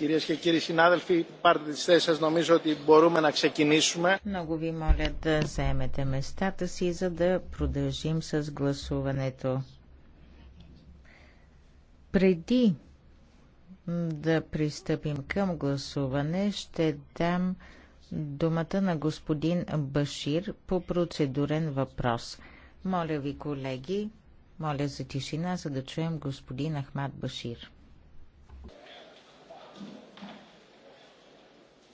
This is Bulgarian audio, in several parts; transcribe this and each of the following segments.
Κυρίες και κύριοι συνάδελφοι, πάρτε τις θέσεις σας. Νομίζω ότι μπορούμε να ξεκινήσουμε. Много ви моля да заемете местата си, за да продължим с гласуването. Преди да пристъпим към гласуване, ще дам думата на господин Башир по процедурен въпрос. Моля ви, колеги, моля за тишина, за да чуем господин Ахмад Башир.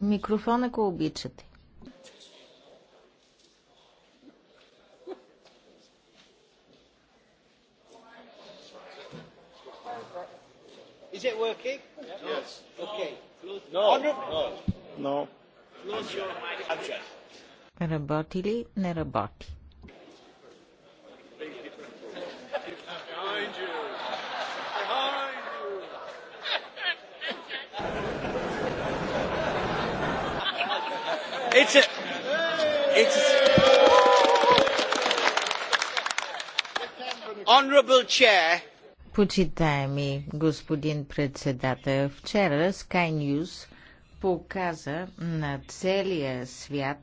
Микрофон, ако обичате. Is it working? Yes. Okay. No. No. No. Работи ли? Не работи. It's a, it's a, honorable chair. Почитаеми господин председател, вчера Sky News показа на целия свят